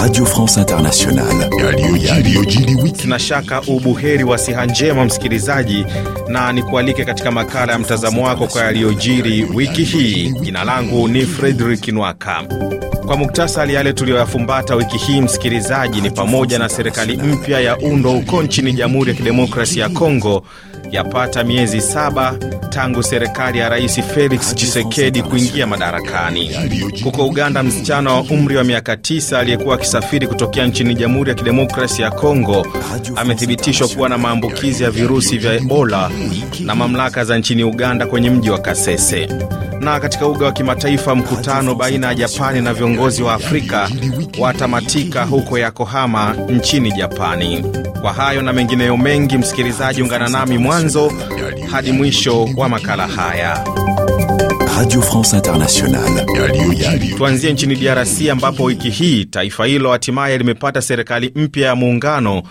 Radio France Internationale. Sina shaka ubuheri wa siha njema msikilizaji, na nikualike katika makala ya mtazamo wako kwa yaliyojiri wiki hii. Jina langu ni Fredrik Nwaka. Kwa muktasari, yale tuliyoyafumbata wiki hii msikilizaji, ni pamoja na serikali mpya ya undo huko nchini Jamhuri ya Kidemokrasia ya Kongo yapata miezi saba tangu serikali ya Rais Felix chisekedi kuingia madarakani. Huko Uganda, msichana wa umri wa miaka tisa aliyekuwa akisafiri kutokea nchini Jamhuri ya Kidemokrasia ya Kongo amethibitishwa kuwa na maambukizi ya virusi vya Ebola na mamlaka za nchini Uganda kwenye mji wa Kasese. Na katika uga wa kimataifa, mkutano baina ya Japani na viongozi wa Afrika watamatika huko Yakohama nchini Japani. Kwa hayo na mengineyo mengi, msikilizaji, ungana nami mwanzo mwanzo hadi mwisho wa makala haya. Radio France Internationale. Tuanzie nchini DRC ambapo wiki hii taifa hilo hatimaye limepata serikali mpya ya muungano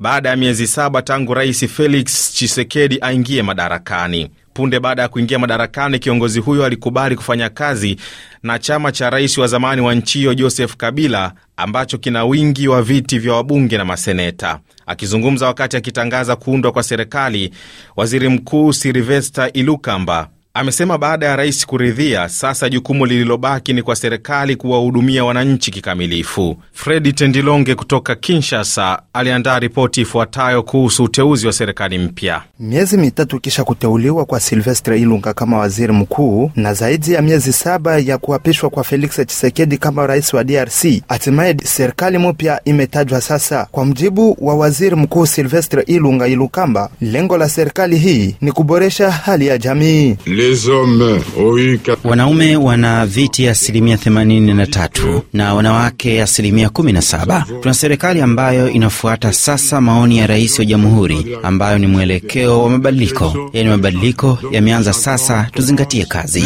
baada ya miezi saba tangu Rais Felix Tshisekedi aingie madarakani. Punde baada ya kuingia madarakani, kiongozi huyo alikubali kufanya kazi na chama cha rais wa zamani wa nchi hiyo Joseph Kabila ambacho kina wingi wa viti vya wabunge na maseneta. Akizungumza wakati akitangaza kuundwa kwa serikali, waziri mkuu Silivesta Ilukamba Amesema baada ya rais kuridhia, sasa jukumu lililobaki ni kwa serikali kuwahudumia wananchi kikamilifu. Fredi Tendilonge kutoka Kinshasa aliandaa ripoti ifuatayo kuhusu uteuzi wa serikali mpya. Miezi mitatu kisha kuteuliwa kwa Silvestre Ilunga kama waziri mkuu na zaidi ya miezi saba ya kuapishwa kwa Felix chisekedi kama rais wa DRC, hatimaye serikali mpya imetajwa sasa. Kwa mjibu wa waziri mkuu Silvestre Ilunga Ilukamba, lengo la serikali hii ni kuboresha hali ya jamii Le Wanaume wana viti asilimia 83 na wanawake asilimia 17. Tuna serikali ambayo inafuata sasa maoni ya rais wa jamhuri, ambayo ni mwelekeo wa mabadiliko, yaani mabadiliko yameanza sasa, tuzingatie kazi.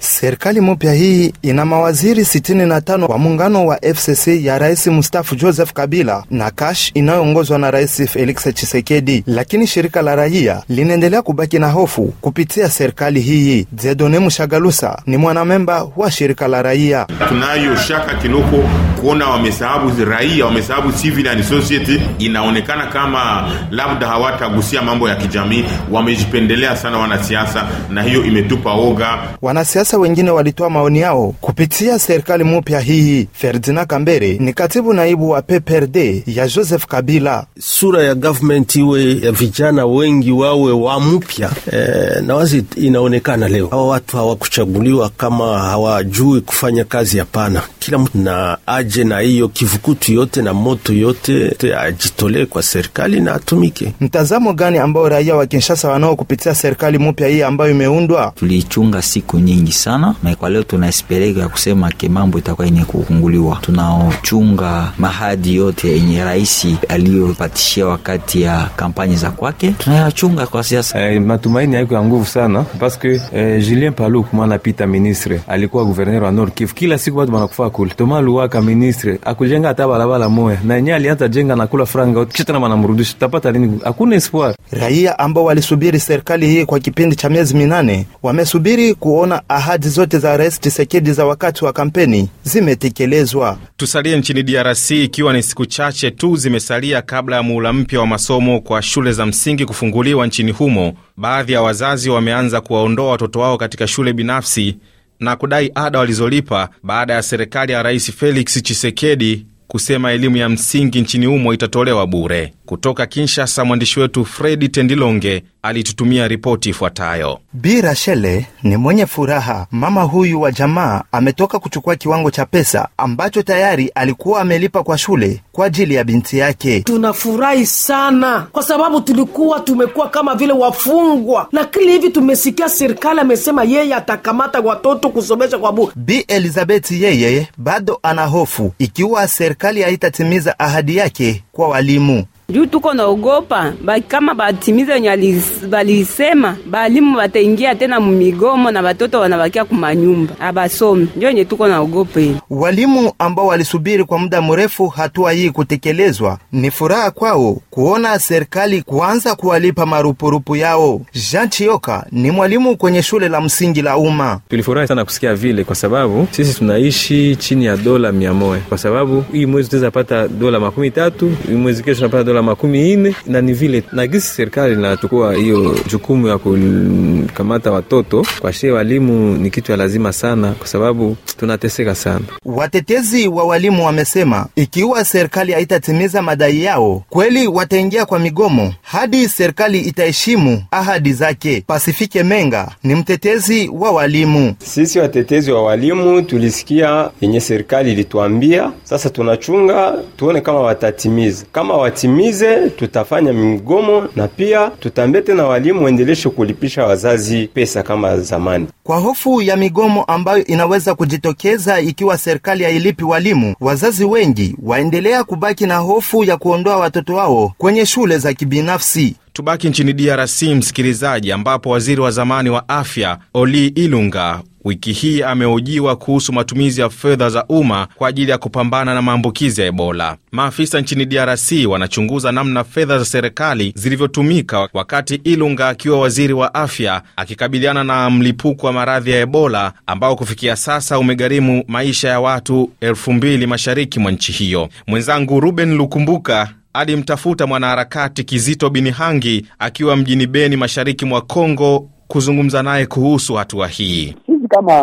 Serikali mpya hii ina mawaziri 65 wa muungano wa FCC ya rais mstaafu Joseph Kabila na kash inayoongozwa na rais Felix Tshisekedi, lakini shirika la raia linaendelea kubaki na hofu maarufu kupitia serikali hii. Zedone Mushagalusa ni mwanamemba wa shirika la raia. Tunayo shaka kinoko kuona wamesahabu raia, wamesahabu civil and society. Inaonekana kama labda hawatagusia mambo ya kijamii, wamejipendelea sana wanasiasa, na hiyo imetupa oga. Wanasiasa wengine walitoa maoni yao kupitia serikali mupya hii. Ferdinand Kambere ni katibu naibu wa PPRD ya Joseph Kabila. Sura ya government iwe ya vijana wengi wawe wa mpya e, Eh, na wazi inaonekana leo hawa watu hawakuchaguliwa kama hawajui kufanya kazi. Hapana, kila mtu na aje na hiyo kivukutu yote na moto yote ajitolee kwa serikali na atumike. Mtazamo gani ambao raia wa Kinshasa wanao kupitia serikali mpya hii ambayo imeundwa? Tuliichunga siku nyingi sana, na kwa leo tunaespereka ya kusema ke mambo itakuwa yenye kufunguliwa. Tunaochunga mahadi yote yenye raisi aliyopatishia wakati ya kampanyi za kwake tunayachunga kwa siasa eh, matumaini Maoni yako ya nguvu sana paske eh, Julien Palu kumana pita ministre alikuwa guverner wa Nord Kivu, kila siku watu wanakufa kule. Toma Luwaka ministre akujenga hata barabara moya na yenyewe alianza jenga na kula franga kisha tena manamrudisha, tapata lini? Hakuna espoir. Raia ambao walisubiri serikali hii kwa kipindi cha miezi minane wamesubiri kuona ahadi zote za Rais Tshisekedi za wakati wa kampeni zimetekelezwa. Tusalie nchini DRC ikiwa ni siku chache tu zimesalia kabla ya muhula mpya wa masomo kwa shule za msingi kufunguliwa nchini humo baadhi ya wazazi wameanza kuwaondoa watoto wao katika shule binafsi na kudai ada walizolipa baada ya serikali ya Rais Felix Chisekedi kusema elimu ya msingi nchini humo itatolewa bure. Kutoka Kinshasa, mwandishi wetu Fredi Tendilonge alitutumia ripoti ifuatayo. Bi Rashele ni mwenye furaha. Mama huyu wa jamaa ametoka kuchukua kiwango cha pesa ambacho tayari alikuwa amelipa kwa shule kwa ajili ya binti yake. Tunafurahi sana kwa sababu tulikuwa tumekuwa kama vile wafungwa, lakini hivi tumesikia serikali amesema yeye atakamata watoto kusomesha kwa bure. Bi Elizabeth yeye bado ana hofu ikiwa serikali haitatimiza ahadi yake kwa walimu juu tuko naogopa ba, kama batimiza wenye balisema balimu bataingia tena mumigomo na batoto wanabakia kumanyumba abasomi, ndio wenye tuko naogopa. Ili walimu ambao walisubiri kwa muda mrefu hatua hii kutekelezwa, ni furaha kwao kuona serikali kuanza kuwalipa marupurupu yao. Jean Chioka ni mwalimu kwenye shule la msingi la umma. Tulifurahi sana kusikia vile, kwa sababu sisi tunaishi chini ya dola mia moja, kwa sababu hii mwezi tunaweza pata dola makumi tatu, hii mwezi kesho tunapata dola dola makumi ine na ni vile na gisi serikali inachukua hiyo jukumu ya kukamata watoto kwa shie walimu ni kitu ya lazima sana, kwa sababu tunateseka sana. Watetezi wa walimu wamesema ikiwa serikali haitatimiza madai yao kweli wataingia kwa migomo hadi serikali itaheshimu ahadi zake. Pasifike Menga ni mtetezi wa walimu. Sisi watetezi wa walimu tulisikia yenye serikali ilituambia, sasa tunachunga tuone kama watatimiza, kama watimiza tutimize, tutafanya mgomo na pia tutambete na walimu waendeleshe kulipisha wazazi pesa kama zamani, kwa hofu ya migomo ambayo inaweza kujitokeza ikiwa serikali hailipi walimu. Wazazi wengi waendelea kubaki na hofu ya kuondoa watoto wao kwenye shule za kibinafsi. Tubaki nchini DRC, msikilizaji, ambapo waziri wa zamani wa afya Oli Ilunga wiki hii ameojiwa kuhusu matumizi ya fedha za umma kwa ajili ya kupambana na maambukizi ya Ebola. Maafisa nchini DRC wanachunguza namna fedha za serikali zilivyotumika wakati Ilunga akiwa waziri wa afya akikabiliana na mlipuko wa maradhi ya Ebola ambao kufikia sasa umegharimu maisha ya watu elfu mbili mashariki mwa nchi hiyo. Mwenzangu Ruben Lukumbuka alimtafuta mwanaharakati Kizito Binihangi akiwa mjini Beni, mashariki mwa Kongo, kuzungumza naye kuhusu hatua hii kama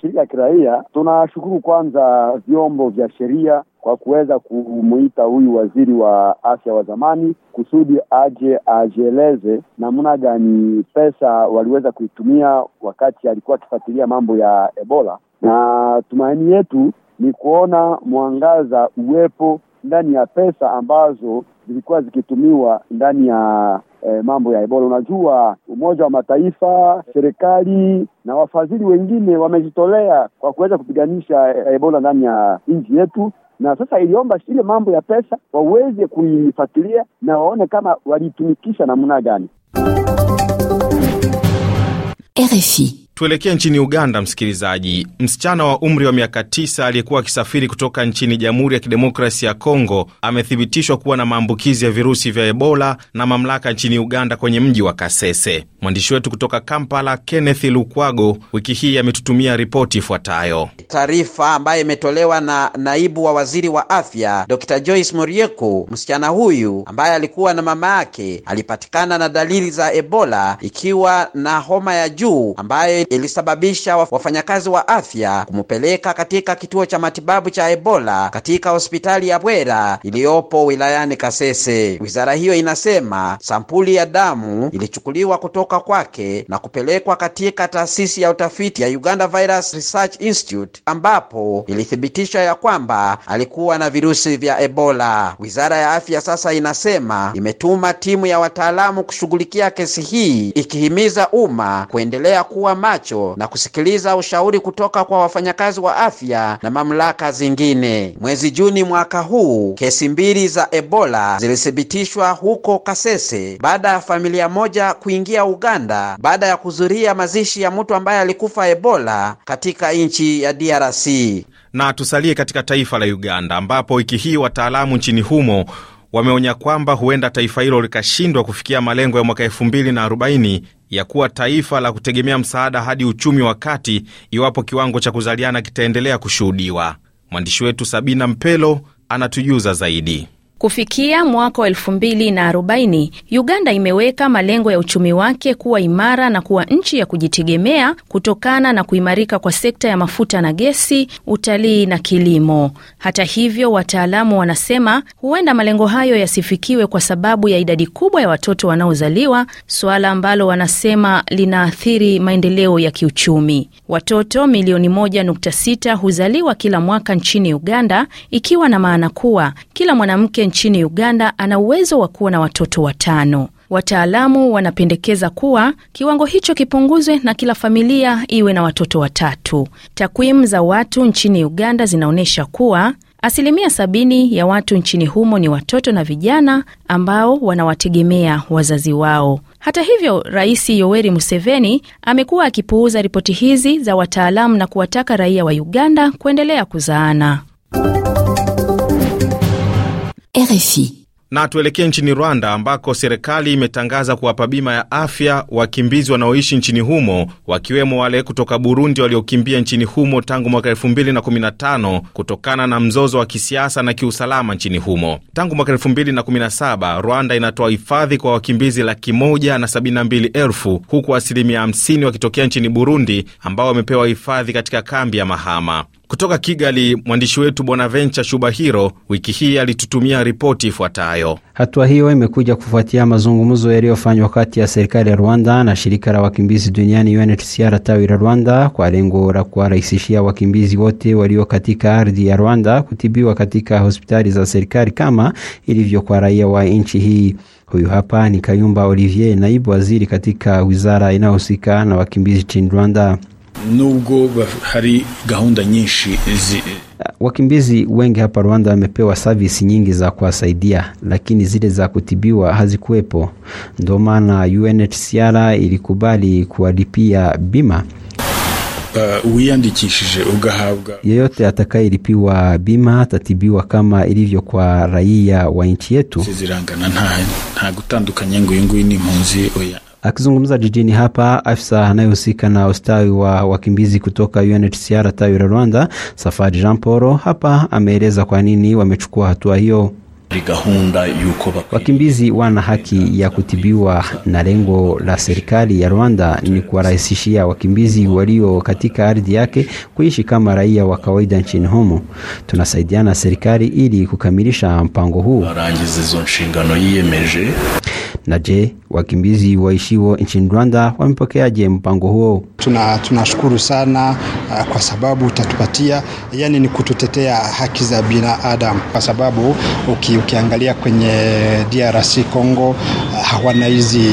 shirika ya kiraia tunashukuru kwanza vyombo vya sheria kwa kuweza kumuita huyu waziri wa afya wa zamani kusudi aje ajieleze namna gani pesa waliweza kuitumia wakati alikuwa akifuatilia mambo ya Ebola, na tumaini yetu ni kuona mwangaza uwepo ndani ya pesa ambazo zilikuwa zikitumiwa ndani ya E, mambo ya Ebola. Unajua, Umoja wa Mataifa, serikali na wafadhili wengine wamejitolea kwa kuweza kupiganisha eh, Ebola ndani ya nchi yetu, na sasa iliomba ile mambo ya pesa waweze kuifuatilia na waone kama walitumikisha namna gani. RFI Tuelekee nchini Uganda, msikilizaji. Msichana wa umri wa miaka tisa aliyekuwa akisafiri kutoka nchini Jamhuri ya Kidemokrasia ya Kongo amethibitishwa kuwa na maambukizi ya virusi vya Ebola na mamlaka nchini Uganda kwenye mji wa Kasese. Mwandishi wetu kutoka Kampala, Kenneth Lukwago, wiki hii ametutumia ripoti ifuatayo. Taarifa ambayo imetolewa na naibu wa waziri wa afya Dr Joyce Morieko, msichana huyu ambaye alikuwa na mama yake alipatikana na dalili za Ebola ikiwa na homa ya juu ambayo ilisababisha wafanyakazi wa afya kumpeleka katika kituo cha matibabu cha Ebola katika hospitali ya Bwera iliyopo wilayani Kasese. Wizara hiyo inasema sampuli ya damu ilichukuliwa kutoka kwake na kupelekwa katika taasisi ya utafiti ya Uganda Virus Research Institute ambapo ilithibitisha ya kwamba alikuwa na virusi vya Ebola. Wizara ya afya sasa inasema imetuma timu ya wataalamu kushughulikia kesi hii ikihimiza umma kuendelea kuwa macho na kusikiliza ushauri kutoka kwa wafanyakazi wa afya na mamlaka zingine. Mwezi Juni mwaka huu kesi mbili za Ebola zilithibitishwa huko Kasese baada ya familia moja kuingia Uganda baada ya kuzuria mazishi ya mtu ambaye alikufa Ebola katika nchi ya DRC. Na tusalie katika taifa la Uganda ambapo wiki hii wataalamu nchini humo wameonya kwamba huenda taifa hilo likashindwa kufikia malengo ya mwaka 2040 ya kuwa taifa la kutegemea msaada hadi uchumi wa kati iwapo kiwango cha kuzaliana kitaendelea kushuhudiwa. Mwandishi wetu Sabina Mpelo anatujuza zaidi. Kufikia mwaka wa elfu mbili na arobaini Uganda imeweka malengo ya uchumi wake kuwa imara na kuwa nchi ya kujitegemea kutokana na kuimarika kwa sekta ya mafuta na gesi, utalii na kilimo. Hata hivyo, wataalamu wanasema huenda malengo hayo yasifikiwe kwa sababu ya idadi kubwa ya watoto wanaozaliwa, suala ambalo wanasema linaathiri maendeleo ya kiuchumi. Watoto milioni 1.6 huzaliwa kila mwaka nchini Uganda, ikiwa na maana kuwa kila mwanamke nchini Uganda ana uwezo wa kuwa na watoto watano. Wataalamu wanapendekeza kuwa kiwango hicho kipunguzwe na kila familia iwe na watoto watatu. Takwimu za watu nchini Uganda zinaonyesha kuwa asilimia sabini ya watu nchini humo ni watoto na vijana ambao wanawategemea wazazi wao. Hata hivyo, Rais Yoweri Museveni amekuwa akipuuza ripoti hizi za wataalamu na kuwataka raia wa Uganda kuendelea kuzaana. RFI. Na tuelekee nchini Rwanda ambako serikali imetangaza kuwapa bima ya afya wakimbizi wanaoishi nchini humo wakiwemo wale kutoka Burundi waliokimbia nchini humo tangu mwaka 2015 kutokana na mzozo wa kisiasa na kiusalama nchini humo. Tangu mwaka 2017 Rwanda inatoa hifadhi kwa wakimbizi laki moja na sabini na mbili elfu huku asilimia 50 wakitokea nchini Burundi ambao wamepewa hifadhi katika kambi ya Mahama. Kutoka Kigali, mwandishi wetu Bonaventure Shubahiro wiki hii alitutumia ripoti ifuatayo. Hatua hiyo imekuja kufuatia mazungumzo yaliyofanywa kati ya serikali ya Rwanda na shirika la wakimbizi duniani UNHCR tawi la Rwanda kwa lengo la kuwarahisishia wakimbizi wote walio katika ardhi ya Rwanda kutibiwa katika hospitali za serikali kama ilivyo kwa raia wa nchi hii. Huyu hapa ni Kayumba Olivier, naibu waziri katika wizara inayohusika na wakimbizi nchini Rwanda nubwo hari gahunda nyinshi zi. Wakimbizi wengi hapa Rwanda wamepewa servisi nyingi za kuwasaidia, lakini zile za kutibiwa hazikuwepo. Ndio maana UNHCR ilikubali kuwalipia bima Uh, uiyandikishije ugahabwa. Yeyote atakayelipiwa bima atatibiwa kama ilivyo kwa raia wa nchi yetu. zirangana nta gutandukanye ngo uyu nguyu ni impunzi oya Akizungumza jijini hapa, afisa anayehusika na ustawi wa wakimbizi kutoka UNHCR tawi la Rwanda, Safari Jean Poro, hapa ameeleza kwa nini wamechukua hatua hiyo. Wakimbizi wana haki ya kutibiwa na lengo la serikali ya Rwanda ni kuwarahisishia wakimbizi walio katika ardhi yake kuishi kama raia wa kawaida nchini humo. Tunasaidiana serikali ili kukamilisha mpango huu. Na je, wakimbizi waishiwo nchini Rwanda wamepokeaje mpango huo? Tunashukuru tuna sana Ah, kwa sababu utatupatia, yani ni kututetea haki za binadamu, kwa sababu uki, ukiangalia kwenye DRC Congo ah, hawana hizi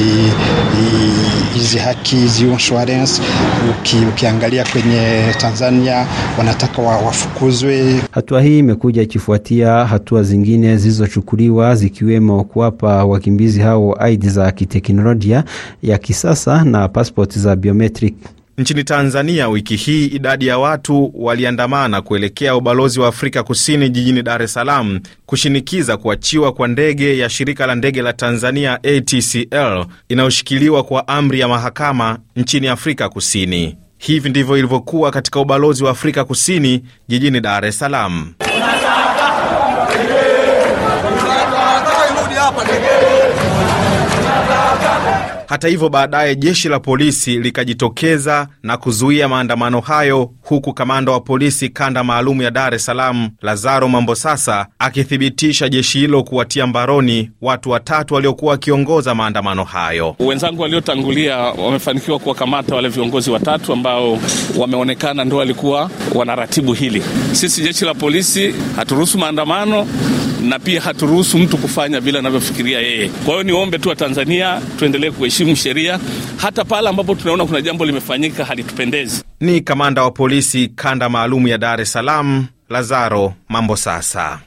hizi haki hizi insurance. Uki, ukiangalia kwenye Tanzania wanataka wa, wafukuzwe. Hatua hii imekuja ikifuatia hatua zingine zilizochukuliwa zikiwemo kuwapa wakimbizi hao ID za kiteknolojia ya kisasa na passport za biometric. Nchini Tanzania wiki hii idadi ya watu waliandamana kuelekea ubalozi wa Afrika Kusini jijini Dar es Salaam kushinikiza kuachiwa kwa ndege ya shirika la ndege la Tanzania ATCL inayoshikiliwa kwa amri ya mahakama nchini Afrika Kusini. Hivi ndivyo ilivyokuwa katika ubalozi wa Afrika Kusini jijini Dar es Salaam. Hata hivyo, baadaye jeshi la polisi likajitokeza na kuzuia maandamano hayo, huku kamanda wa polisi kanda maalum ya Dar es Salaam Lazaro Mambosasa akithibitisha jeshi hilo kuwatia mbaroni watu watatu waliokuwa wakiongoza maandamano hayo. Wenzangu waliotangulia wamefanikiwa kuwakamata wale viongozi watatu ambao wameonekana ndo walikuwa wanaratibu hili. Sisi jeshi la polisi haturuhusu maandamano na pia haturuhusu mtu kufanya vile anavyofikiria yeye. Kwa hiyo niombe tu Watanzania tuendelee kuheshimu sheria, hata pale ambapo tunaona kuna jambo limefanyika halitupendezi. Ni kamanda wa polisi kanda maalumu ya Dar es Salaam, Lazaro Mambo Sasa.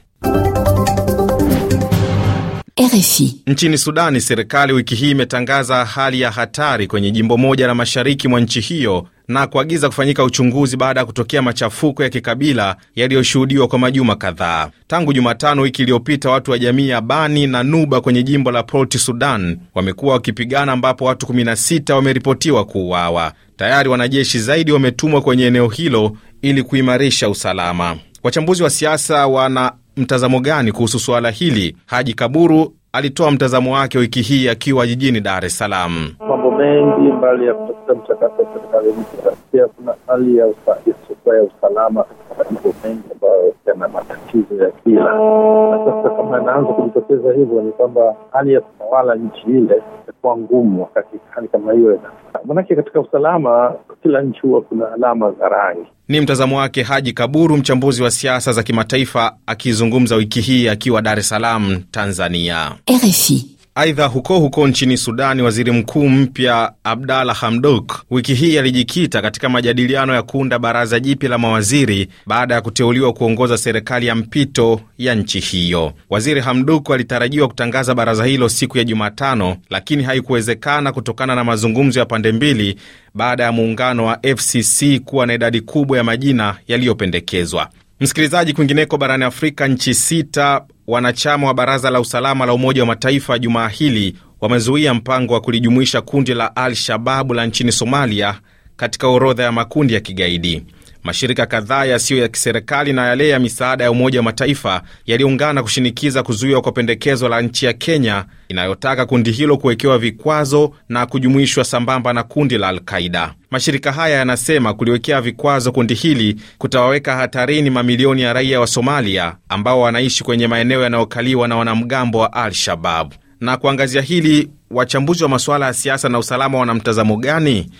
RFI. Nchini Sudani, serikali wiki hii imetangaza hali ya hatari kwenye jimbo moja la mashariki mwa nchi hiyo na kuagiza kufanyika uchunguzi baada ya kutokea machafuko ya kikabila yaliyoshuhudiwa kwa majuma kadhaa. Tangu Jumatano wiki iliyopita, watu wa jamii ya Bani na Nuba kwenye jimbo la Port Sudan wamekuwa wakipigana, ambapo watu 16 wameripotiwa kuuawa. Tayari wanajeshi zaidi wametumwa kwenye eneo hilo ili kuimarisha usalama. Wachambuzi wa siasa wana mtazamo gani kuhusu suala hili? Haji Kaburu alitoa mtazamo wake wiki hii akiwa jijini Dar es Salaam mengi mbali ya kutafuta mchakato wa serikali mpya. Pia kuna hali ya isiyokuwa ya usalama katika majimbo mengi ambayo yana matatizo ya kila na sasa, kama yanaanza kujitokeza hivyo, ni kwamba hali ya kutawala nchi ile itakuwa ngumu wakati hali kama hiyo ina manake katika usalama kila nchi huwa kuna alama za rangi. Ni mtazamo wake Haji Kaburu, mchambuzi wa siasa za kimataifa, akizungumza wiki hii akiwa Dar es Salaam, Tanzania, RFI. Aidha, huko huko nchini Sudani, waziri mkuu mpya Abdalla Hamdok wiki hii alijikita katika majadiliano ya kuunda baraza jipya la mawaziri baada ya kuteuliwa kuongoza serikali ya mpito ya nchi hiyo. Waziri Hamdok alitarajiwa kutangaza baraza hilo siku ya Jumatano, lakini haikuwezekana kutokana na mazungumzo ya pande mbili baada ya muungano wa FCC kuwa na idadi kubwa ya majina yaliyopendekezwa. Msikilizaji, kwingineko barani Afrika, nchi sita wanachama wa Baraza la Usalama la Umoja wa Mataifa jumaa hili wamezuia mpango wa kulijumuisha kundi la Al-Shababu la nchini Somalia katika orodha ya makundi ya kigaidi. Mashirika kadhaa yasiyo ya kiserikali na yale ya misaada ya Umoja wa Mataifa yaliungana kushinikiza kuzuiwa kwa pendekezo la nchi ya Kenya inayotaka kundi hilo kuwekewa vikwazo na kujumuishwa sambamba na kundi la Alqaida. Mashirika haya yanasema kuliwekea vikwazo kundi hili kutawaweka hatarini mamilioni ya raia wa Somalia ambao wanaishi kwenye maeneo yanayokaliwa na wanamgambo wa Al-Shabab. Na kuangazia hili, wachambuzi wa masuala ya siasa na usalama wana mtazamo gani?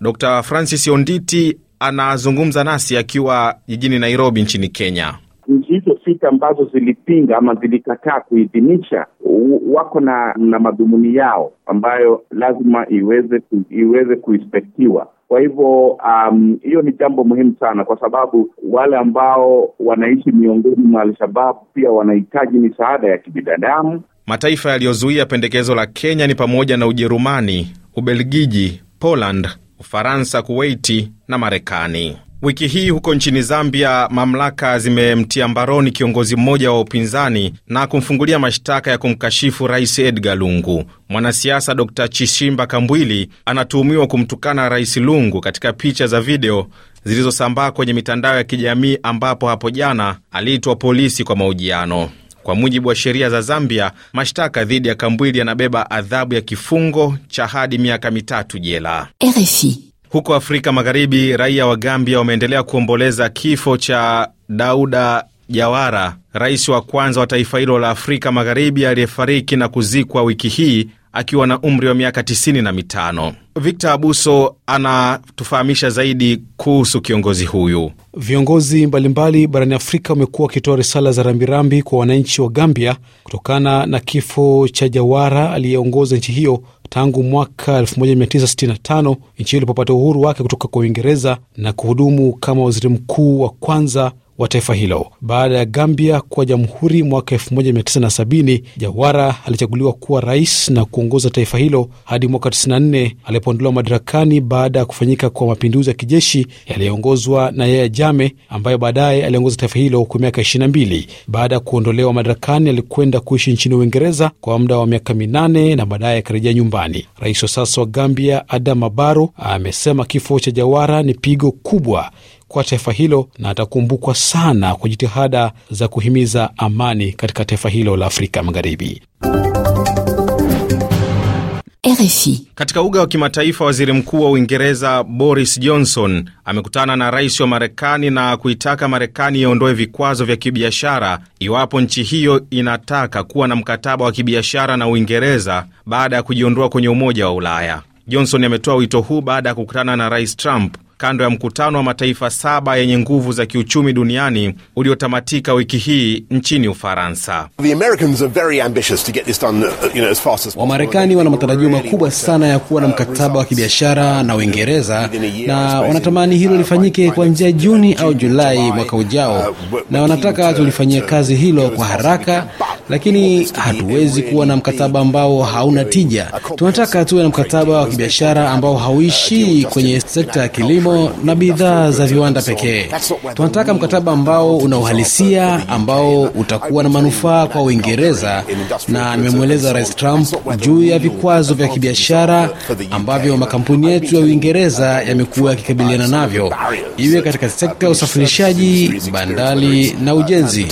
Dr Francis Onditi anazungumza nasi akiwa jijini Nairobi nchini Kenya. Nchi hizo sita ambazo zilipinga ama zilikataa kuidhinisha wako na na madhumuni yao ambayo lazima iweze iweze kuispektiwa. Kwa hivyo um, hiyo um, ni jambo muhimu sana, kwa sababu wale ambao wanaishi miongoni mwa al pia wanahitaji misaada ya kibinadamu. Mataifa yaliyozuia pendekezo la Kenya ni pamoja na Ujerumani, Ubelgiji, Poland Ufaransa, Kuwaiti na Marekani. Wiki hii huko nchini Zambia, mamlaka zimemtia mbaroni kiongozi mmoja wa upinzani na kumfungulia mashtaka ya kumkashifu Rais Edgar Lungu. Mwanasiasa Dr Chishimba Kambwili anatuhumiwa kumtukana Rais Lungu katika picha za video zilizosambaa kwenye mitandao ya kijamii, ambapo hapo jana aliitwa polisi kwa mahojiano. Kwa mujibu wa sheria za Zambia, mashtaka dhidi ya Kambwili yanabeba adhabu ya kifungo cha hadi miaka mitatu jela. RFI. Huko Afrika Magharibi, raia wa Gambia wameendelea kuomboleza kifo cha Dauda Jawara, rais wa kwanza wa taifa hilo la Afrika Magharibi aliyefariki na kuzikwa wiki hii akiwa na umri wa miaka tisini na mitano. Victor Abuso anatufahamisha zaidi kuhusu kiongozi huyu. Viongozi mbalimbali barani Afrika wamekuwa wakitoa risala za rambirambi kwa wananchi wa Gambia kutokana na kifo cha Jawara aliyeongoza nchi hiyo tangu mwaka 1965 nchi hiyo ilipopata uhuru wake kutoka kwa Uingereza na kuhudumu kama waziri mkuu wa kwanza wa taifa hilo. Baada ya Gambia kuwa jamhuri mwaka 1970, Jawara alichaguliwa kuwa rais na kuongoza taifa hilo hadi mwaka 94 alipoondolewa madarakani baada ya kufanyika kwa mapinduzi ya kijeshi yaliyoongozwa na Yaya Jame ambayo baadaye aliongoza taifa hilo kwa miaka 22. Baada ya kuondolewa madarakani, alikwenda kuishi nchini Uingereza kwa muda wa miaka minane na baadaye akarejea nyumbani. Rais wa sasa wa Gambia Adama Barrow amesema kifo cha Jawara ni pigo kubwa kwa taifa hilo na atakumbukwa sana kwa jitihada za kuhimiza amani katika taifa hilo la Afrika Magharibi. RFI. Katika uga wa kimataifa, waziri mkuu wa Uingereza Boris Johnson amekutana na rais wa Marekani na kuitaka Marekani iondoe vikwazo vya kibiashara iwapo nchi hiyo inataka kuwa na mkataba wa kibiashara na Uingereza baada ya kujiondoa kwenye Umoja wa Ulaya. Johnson ametoa wito huu baada ya kukutana na rais Trump kando ya mkutano wa mataifa saba yenye nguvu za kiuchumi duniani uliotamatika wiki hii nchini Ufaransa. Uh, Wamarekani wana matarajio makubwa sana ya kuwa na mkataba wa kibiashara na Uingereza na wanatamani hilo uh, lifanyike kuanzia Juni au Julai uh, mwaka ujao, na wanataka tulifanyia kazi hilo kwa haraka, lakini hatuwezi kuwa na mkataba ambao hauna tija. Tunataka tuwe na mkataba wa kibiashara ambao hauishii kwenye sekta ya kilimo kilimo na bidhaa za viwanda pekee. Tunataka mkataba ambao una uhalisia, ambao utakuwa na manufaa kwa Uingereza, na nimemweleza Rais Trump juu ya vikwazo vya kibiashara ambavyo makampuni yetu ya Uingereza yamekuwa yakikabiliana navyo, iwe katika sekta ya usafirishaji, bandari na ujenzi.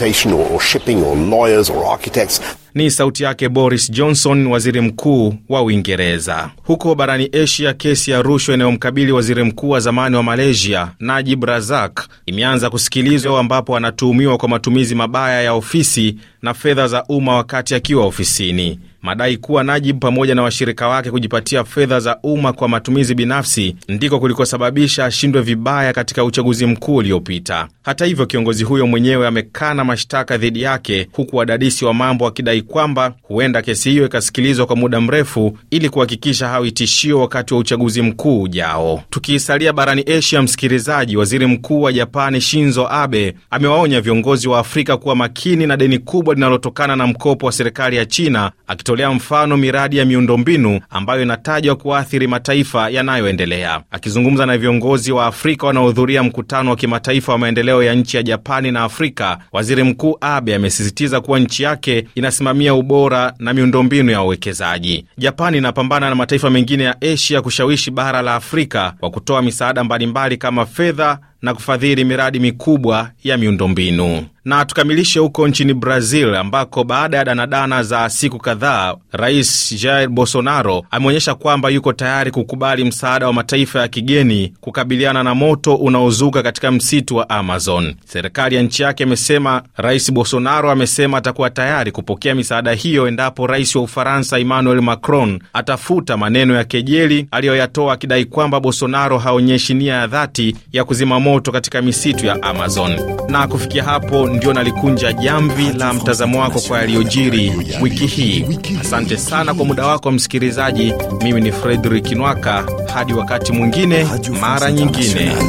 Ni sauti yake Boris Johnson, waziri mkuu wa Uingereza. Huko barani Asia, kesi ya rushwa inayomkabili waziri mkuu wa zamani wa Malaysia Najib Razak imeanza kusikilizwa, ambapo anatuhumiwa kwa matumizi mabaya ya ofisi na fedha za umma wakati akiwa ofisini madai kuwa Najib pamoja na washirika wake kujipatia fedha za umma kwa matumizi binafsi ndiko kulikosababisha ashindwe vibaya katika uchaguzi mkuu uliopita. Hata hivyo, kiongozi huyo mwenyewe amekana mashtaka dhidi yake, huku wadadisi wa mambo wakidai kwamba huenda kesi hiyo ikasikilizwa kwa muda mrefu ili kuhakikisha hawi tishio wakati wa uchaguzi mkuu ujao. Tukiisalia barani Asia, msikilizaji, waziri mkuu wa Japani Shinzo Abe amewaonya viongozi wa Afrika kuwa makini na deni kubwa linalotokana na mkopo wa serikali ya China akito akitolea mfano miradi ya miundombinu ambayo inatajwa kuathiri mataifa yanayoendelea. Akizungumza na viongozi wa Afrika wanaohudhuria mkutano wa kimataifa wa maendeleo ya nchi ya Japani na Afrika, waziri mkuu Abe amesisitiza kuwa nchi yake inasimamia ubora na miundombinu ya uwekezaji. Japani inapambana na mataifa mengine ya Asia kushawishi bara la Afrika kwa kutoa misaada mbalimbali kama fedha na kufadhili miradi mikubwa ya miundombinu. Na tukamilishe huko nchini Brazil ambako baada ya danadana za siku kadhaa, Rais Jair Bolsonaro ameonyesha kwamba yuko tayari kukubali msaada wa mataifa ya kigeni kukabiliana na moto unaozuka katika msitu wa Amazon. Serikali ya nchi yake amesema, Rais Bolsonaro amesema atakuwa tayari kupokea misaada hiyo endapo rais wa Ufaransa Emmanuel Macron atafuta maneno ya kejeli aliyoyatoa akidai kwamba Bolsonaro haonyeshi nia ya dhati ya kuzima moto moto katika misitu ya Amazon. Na kufikia hapo, ndio nalikunja jamvi la mtazamo wako kwa yaliyojiri wiki hii. Asante sana kwa muda wako msikilizaji. Mimi ni Fredrik Nwaka, hadi wakati mwingine, mara nyingine,